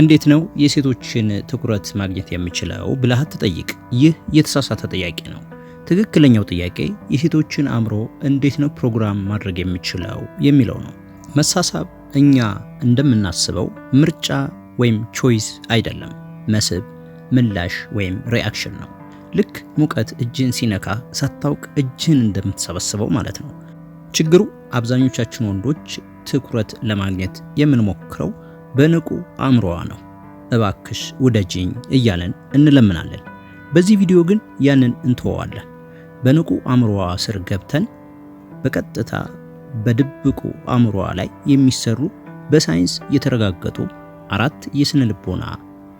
እንዴት ነው የሴቶችን ትኩረት ማግኘት የምችለው ብለህ አትጠይቅ። ይህ የተሳሳተ ጥያቄ ነው። ትክክለኛው ጥያቄ የሴቶችን አእምሮ እንዴት ነው ፕሮግራም ማድረግ የምችለው የሚለው ነው። መሳሳብ እኛ እንደምናስበው ምርጫ ወይም ቾይስ አይደለም። መስህብ፣ ምላሽ ወይም ሪአክሽን ነው። ልክ ሙቀት እጅን ሲነካ ሳታውቅ እጅን እንደምትሰበስበው ማለት ነው። ችግሩ አብዛኞቻችን ወንዶች ትኩረት ለማግኘት የምንሞክረው በንቁ አእምሮዋ ነው። እባክሽ ውደጂኝ እያለን እንለምናለን። በዚህ ቪዲዮ ግን ያንን እንተወዋለን። በንቁ አእምሮዋ ስር ገብተን በቀጥታ በድብቁ አእምሮዋ ላይ የሚሰሩ በሳይንስ የተረጋገጡ አራት የስነ ልቦና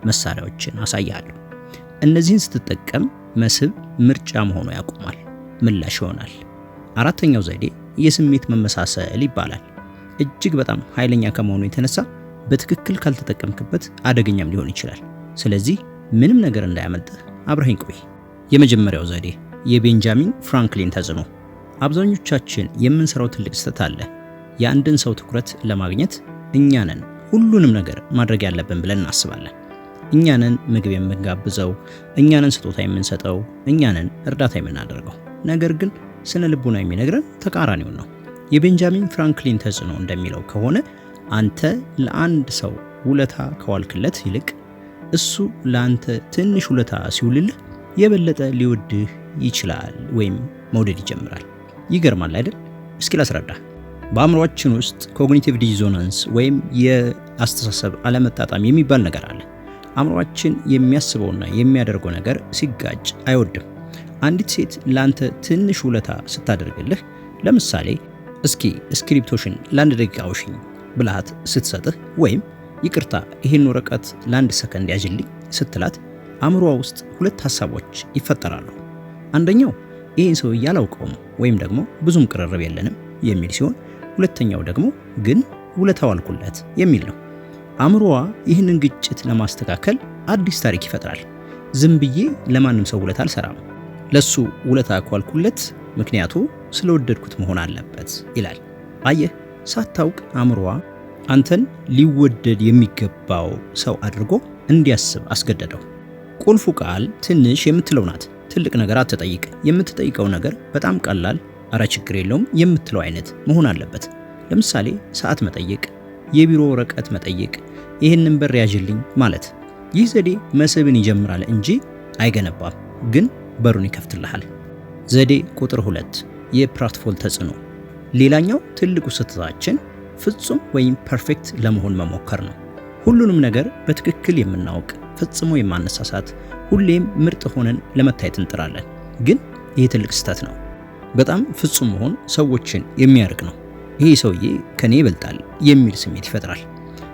መሳሪያዎችን አሳያለሁ። እነዚህን ስትጠቀም መስህብ ምርጫ መሆኑ ያቆማል፣ ምላሽ ይሆናል። አራተኛው ዘዴ የስሜት መመሳሰል ይባላል። እጅግ በጣም ኃይለኛ ከመሆኑ የተነሳ በትክክል ካልተጠቀምክበት አደገኛም ሊሆን ይችላል። ስለዚህ ምንም ነገር እንዳያመልጥህ አብረኸኝ ቆይ። የመጀመሪያው ዘዴ የቤንጃሚን ፍራንክሊን ተጽዕኖ። አብዛኞቻችን የምንሰራው ትልቅ ስህተት አለ። የአንድን ሰው ትኩረት ለማግኘት እኛ ነን ሁሉንም ነገር ማድረግ ያለብን ብለን እናስባለን። እኛ ነን ምግብ የምንጋብዘው፣ እኛ ነን ስጦታ የምንሰጠው፣ እኛ ነን እርዳታ የምናደርገው። ነገር ግን ስነ ልቡና የሚነግረን ተቃራኒውን ነው። የቤንጃሚን ፍራንክሊን ተጽዕኖ እንደሚለው ከሆነ አንተ ለአንድ ሰው ውለታ ከዋልክለት ይልቅ እሱ ለአንተ ትንሽ ውለታ ሲውልልህ የበለጠ ሊወድህ ይችላል ወይም መውደድ ይጀምራል። ይገርማል አይደል? እስኪ ላስረዳ። በአእምሯችን ውስጥ ኮግኒቲቭ ዲዞናንስ ወይም የአስተሳሰብ አለመጣጣም የሚባል ነገር አለ። አእምሯችን የሚያስበውና የሚያደርገው ነገር ሲጋጭ አይወድም። አንዲት ሴት ለአንተ ትንሽ ውለታ ስታደርግልህ፣ ለምሳሌ እስኪ እስክሪፕቶሽን ለአንድ ደቂቃ አውሽኝ ብልሃት ስትሰጥህ ወይም ይቅርታ ይህን ወረቀት ለአንድ ሰከንድ ያዥልኝ ስትላት አእምሯ ውስጥ ሁለት ሀሳቦች ይፈጠራሉ። አንደኛው ይህን ሰው እያላውቀውም ወይም ደግሞ ብዙም ቅርርብ የለንም የሚል ሲሆን፣ ሁለተኛው ደግሞ ግን ውለታ ዋልኩለት የሚል ነው። አእምሮዋ ይህንን ግጭት ለማስተካከል አዲስ ታሪክ ይፈጥራል። ዝም ብዬ ለማንም ሰው ውለታ አልሰራም፣ ለሱ ውለታ ኳልኩለት፣ ምክንያቱ ስለወደድኩት መሆን አለበት ይላል። አየህ፣ ሳታውቅ አእምሮዋ አንተን ሊወደድ የሚገባው ሰው አድርጎ እንዲያስብ አስገደደው። ቁልፉ ቃል ትንሽ የምትለው ናት። ትልቅ ነገር አትጠይቅ። የምትጠይቀው ነገር በጣም ቀላል፣ አረ ችግር የለውም የምትለው አይነት መሆን አለበት። ለምሳሌ ሰዓት መጠየቅ፣ የቢሮ ወረቀት መጠየቅ፣ ይህንን በር ያዥልኝ ማለት። ይህ ዘዴ መስህብን ይጀምራል እንጂ አይገነባም፣ ግን በሩን ይከፍትልሃል። ዘዴ ቁጥር ሁለት የፕራትፎል ተጽዕኖ። ሌላኛው ትልቁ ስህተታችን ፍጹም ወይም ፐርፌክት ለመሆን መሞከር ነው። ሁሉንም ነገር በትክክል የምናውቅ ፈጽሞ የማነሳሳት ሁሌም ምርጥ ሆነን ለመታየት እንጥራለን። ግን ይህ ትልቅ ስህተት ነው። በጣም ፍጹም መሆን ሰዎችን የሚያርቅ ነው። ይሄ ሰውዬ ከኔ ይበልጣል የሚል ስሜት ይፈጥራል።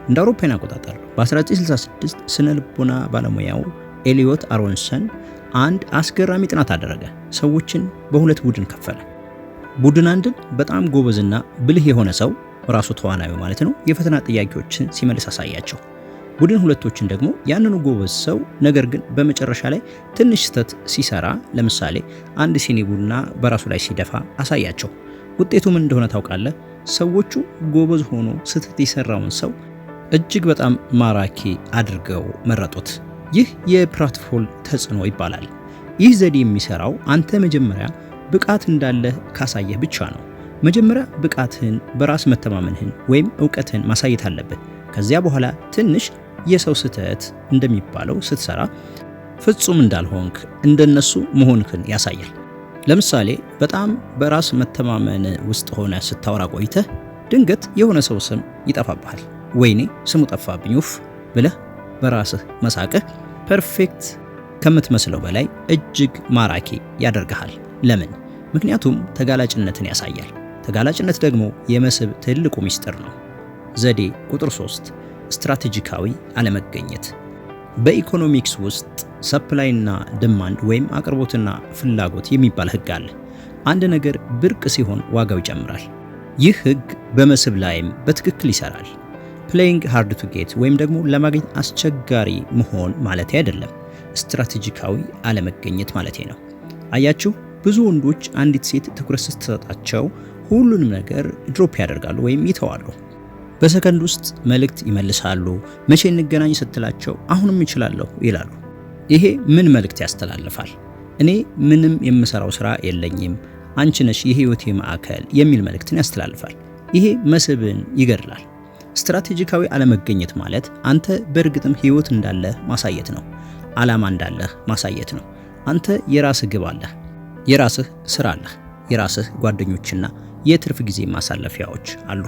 እንደ አውሮፓውያን አቆጣጠር በ1966 ስነ ልቦና ባለሙያው ኤሊዮት አሮንሰን አንድ አስገራሚ ጥናት አደረገ። ሰዎችን በሁለት ቡድን ከፈለ። ቡድን አንድን በጣም ጎበዝና ብልህ የሆነ ሰው ራሱ ተዋናዩ ማለት ነው የፈተና ጥያቄዎችን ሲመልስ አሳያቸው። ቡድን ሁለቶችን ደግሞ ያንኑ ጎበዝ ሰው ነገር ግን በመጨረሻ ላይ ትንሽ ስህተት ሲሰራ፣ ለምሳሌ አንድ ሲኒ ቡና በራሱ ላይ ሲደፋ አሳያቸው። ውጤቱ ምን እንደሆነ ታውቃለህ? ሰዎቹ ጎበዝ ሆኖ ስህተት የሰራውን ሰው እጅግ በጣም ማራኪ አድርገው መረጡት። ይህ የፕራትፎል ተጽዕኖ ይባላል። ይህ ዘዴ የሚሰራው አንተ መጀመሪያ ብቃት እንዳለህ ካሳየህ ብቻ ነው። መጀመሪያ ብቃትህን፣ በራስ መተማመንህን ወይም እውቀትህን ማሳየት አለብህ። ከዚያ በኋላ ትንሽ የሰው ስህተት እንደሚባለው ስትሰራ ፍጹም እንዳልሆንክ እንደነሱ መሆንክን ያሳያል። ለምሳሌ በጣም በራስ መተማመን ውስጥ ሆነ ስታወራ ቆይተህ ድንገት የሆነ ሰው ስም ይጠፋብሃል። ወይኔ ስሙ ጠፋብኝ ውፍ ብለህ በራስህ መሳቅህ ፐርፌክት ከምትመስለው በላይ እጅግ ማራኪ ያደርግሃል። ለምን? ምክንያቱም ተጋላጭነትን ያሳያል። ተጋላጭነት ደግሞ የመስህብ ትልቁ ሚስጥር ነው። ዘዴ ቁጥር 3 ስትራቴጂካዊ አለመገኘት። በኢኮኖሚክስ ውስጥ ሰፕላይና ድማንድ ወይም አቅርቦትና ፍላጎት የሚባል ህግ አለ። አንድ ነገር ብርቅ ሲሆን ዋጋው ይጨምራል። ይህ ህግ በመስህብ ላይም በትክክል ይሰራል። ፕሌይንግ ሃርድ ቱ ጌት ወይም ደግሞ ለማግኘት አስቸጋሪ መሆን ማለት አይደለም፣ ስትራቴጂካዊ አለመገኘት ማለት ነው። አያችሁ ብዙ ወንዶች አንዲት ሴት ትኩረት ስትሰጣቸው ሁሉንም ነገር ድሮፕ ያደርጋሉ ወይም ይተዋሉ። በሰከንድ ውስጥ መልእክት ይመልሳሉ። መቼ እንገናኝ ስትላቸው አሁንም እችላለሁ ይላሉ። ይሄ ምን መልእክት ያስተላልፋል? እኔ ምንም የምሰራው ስራ የለኝም፣ አንቺ ነሽ የህይወቴ ማዕከል የሚል መልእክትን ያስተላልፋል። ይሄ መስህብን ይገድላል። ስትራቴጂካዊ አለመገኘት ማለት አንተ በእርግጥም ህይወት እንዳለህ ማሳየት ነው። ዓላማ እንዳለህ ማሳየት ነው። አንተ የራስህ ግብ አለህ፣ የራስህ ስራ አለህ፣ የራስህ ጓደኞችና የትርፍ ጊዜ ማሳለፊያዎች አሉ።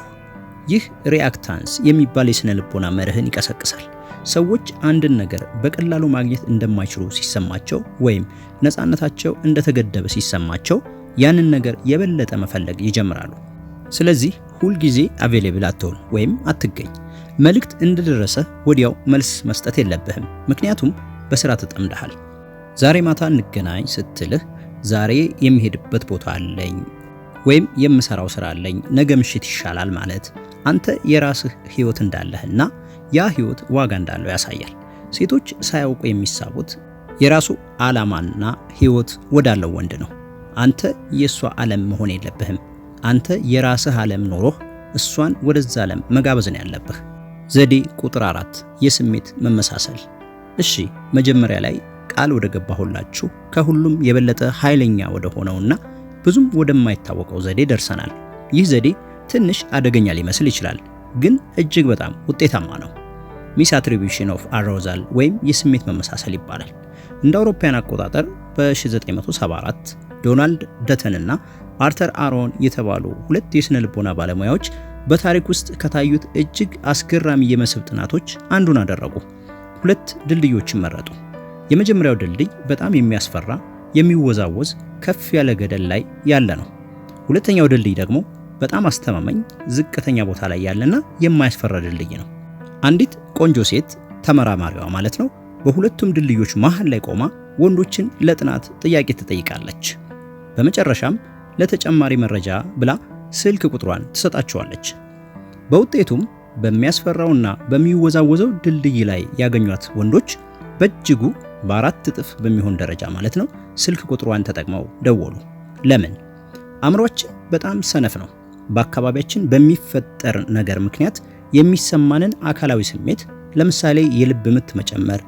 ይህ ሪአክታንስ የሚባል የስነ ልቦና መርህን ይቀሰቅሳል። ሰዎች አንድን ነገር በቀላሉ ማግኘት እንደማይችሉ ሲሰማቸው ወይም ነፃነታቸው እንደተገደበ ሲሰማቸው ያንን ነገር የበለጠ መፈለግ ይጀምራሉ። ስለዚህ ሁልጊዜ አቬሌብል አትሆን ወይም አትገኝ። መልእክት እንደደረሰ ወዲያው መልስ መስጠት የለብህም፣ ምክንያቱም በስራ ተጠምደሃል። ዛሬ ማታ እንገናኝ ስትልህ ዛሬ የሚሄድበት ቦታ አለኝ ወይም የምሰራው ስራ አለኝ ነገ ምሽት ይሻላል ማለት አንተ የራስህ ህይወት እንዳለህና ያ ህይወት ዋጋ እንዳለው ያሳያል። ሴቶች ሳያውቁ የሚሳቡት የራሱ ዓላማና ህይወት ወዳለው ወንድ ነው። አንተ የእሷ ዓለም መሆን የለብህም። አንተ የራስህ ዓለም ኖሮህ እሷን ወደዛ ዓለም መጋበዝን ያለብህ። ዘዴ ቁጥር አራት የስሜት መመሳሰል። እሺ መጀመሪያ ላይ ቃል ወደ ገባሁላችሁ ከሁሉም የበለጠ ኃይለኛ ወደ ሆነውና ብዙም ወደማይታወቀው ዘዴ ደርሰናል። ይህ ዘዴ ትንሽ አደገኛ ሊመስል ይችላል፣ ግን እጅግ በጣም ውጤታማ ነው። ሚስ አትሪቢሽን ኦፍ አሮዛል ወይም የስሜት መመሳሰል ይባላል። እንደ አውሮፓውያን አቆጣጠር በ1974 ዶናልድ ደተን እና አርተር አሮን የተባሉ ሁለት የስነ ልቦና ባለሙያዎች በታሪክ ውስጥ ከታዩት እጅግ አስገራሚ የመስህብ ጥናቶች አንዱን አደረጉ። ሁለት ድልድዮችን መረጡ። የመጀመሪያው ድልድይ በጣም የሚያስፈራ የሚወዛወዝ ከፍ ያለ ገደል ላይ ያለ ነው። ሁለተኛው ድልድይ ደግሞ በጣም አስተማማኝ ዝቅተኛ ቦታ ላይ ያለና የማያስፈራ ድልድይ ነው። አንዲት ቆንጆ ሴት ተመራማሪዋ ማለት ነው በሁለቱም ድልድዮች መሃል ላይ ቆማ ወንዶችን ለጥናት ጥያቄ ትጠይቃለች። በመጨረሻም ለተጨማሪ መረጃ ብላ ስልክ ቁጥሯን ትሰጣቸዋለች። በውጤቱም በሚያስፈራውና በሚወዛወዘው ድልድይ ላይ ያገኟት ወንዶች በእጅጉ በአራት እጥፍ በሚሆን ደረጃ ማለት ነው ስልክ ቁጥሯን ተጠቅመው ደወሉ። ለምን? አእምሯችን በጣም ሰነፍ ነው። በአካባቢያችን በሚፈጠር ነገር ምክንያት የሚሰማንን አካላዊ ስሜት ለምሳሌ የልብ ምት መጨመር፣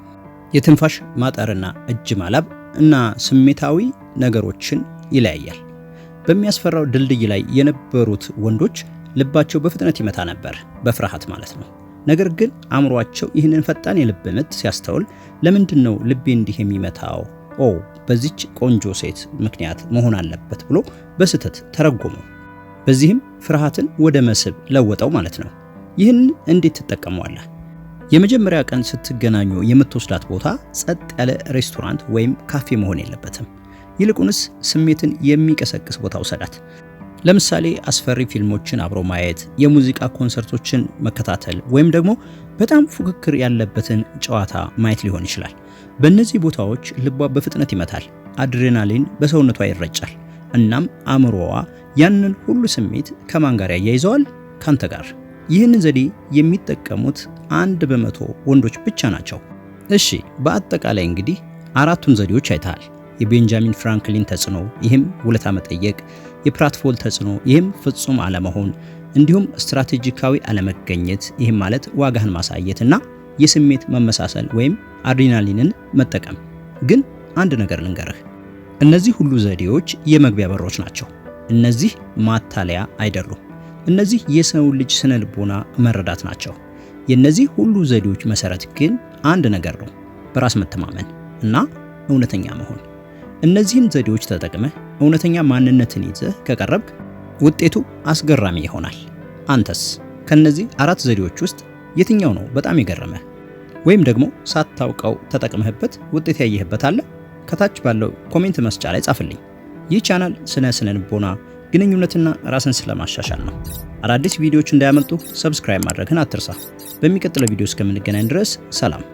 የትንፋሽ ማጠርና እጅ ማላብ እና ስሜታዊ ነገሮችን ይለያያል። በሚያስፈራው ድልድይ ላይ የነበሩት ወንዶች ልባቸው በፍጥነት ይመታ ነበር፣ በፍርሃት ማለት ነው። ነገር ግን አእምሯቸው ይህንን ፈጣን የልብ ምት ሲያስተውል ለምንድን ነው ልቤ እንዲህ የሚመታው? ኦ በዚች ቆንጆ ሴት ምክንያት መሆን አለበት ብሎ በስህተት ተረጎመው። በዚህም ፍርሃትን ወደ መስህብ ለወጠው ማለት ነው። ይህን እንዴት ትጠቀመዋለህ? የመጀመሪያ ቀን ስትገናኙ የምትወስዳት ቦታ ጸጥ ያለ ሬስቶራንት ወይም ካፌ መሆን የለበትም። ይልቁንስ ስሜትን የሚቀሰቅስ ቦታ ውሰዳት። ለምሳሌ አስፈሪ ፊልሞችን አብሮ ማየት፣ የሙዚቃ ኮንሰርቶችን መከታተል ወይም ደግሞ በጣም ፉክክር ያለበትን ጨዋታ ማየት ሊሆን ይችላል። በእነዚህ ቦታዎች ልቧ በፍጥነት ይመታል፣ አድሬናሊን በሰውነቷ ይረጫል። እናም አእምሮዋ ያንን ሁሉ ስሜት ከማን ጋር ያያይዘዋል? ካንተ ጋር። ይህንን ዘዴ የሚጠቀሙት አንድ በመቶ ወንዶች ብቻ ናቸው። እሺ፣ በአጠቃላይ እንግዲህ አራቱን ዘዴዎች አይተሃል። የቤንጃሚን ፍራንክሊን ተጽዕኖ፣ ይህም ውለታ መጠየቅ የፕራትፎል ተጽዕኖ፣ ይህም ፍጹም አለመሆን እንዲሁም ስትራቴጂካዊ አለመገኘት፣ ይህም ማለት ዋጋህን ማሳየት እና የስሜት መመሳሰል ወይም አድሪናሊንን መጠቀም። ግን አንድ ነገር ልንገርህ፣ እነዚህ ሁሉ ዘዴዎች የመግቢያ በሮች ናቸው። እነዚህ ማታለያ አይደሉም። እነዚህ የሰው ልጅ ስነ ልቦና መረዳት ናቸው። የእነዚህ ሁሉ ዘዴዎች መሰረት ግን አንድ ነገር ነው፣ በራስ መተማመን እና እውነተኛ መሆን። እነዚህን ዘዴዎች ተጠቅመህ እውነተኛ ማንነትን ይዘህ ከቀረብክ ውጤቱ አስገራሚ ይሆናል። አንተስ ከነዚህ አራት ዘዴዎች ውስጥ የትኛው ነው በጣም የገረመህ? ወይም ደግሞ ሳታውቀው ተጠቅመህበት ውጤት ያየህበት አለ? ከታች ባለው ኮሜንት መስጫ ላይ ጻፍልኝ። ይህ ቻናል ስነ ስነ ልቦና፣ ግንኙነትና ራስን ስለማሻሻል ነው። አዳዲስ ቪዲዮዎች እንዳያመልጡ ሰብስክራይብ ማድረግን አትርሳ። በሚቀጥለው ቪዲዮ እስከምንገናኝ ድረስ ሰላም።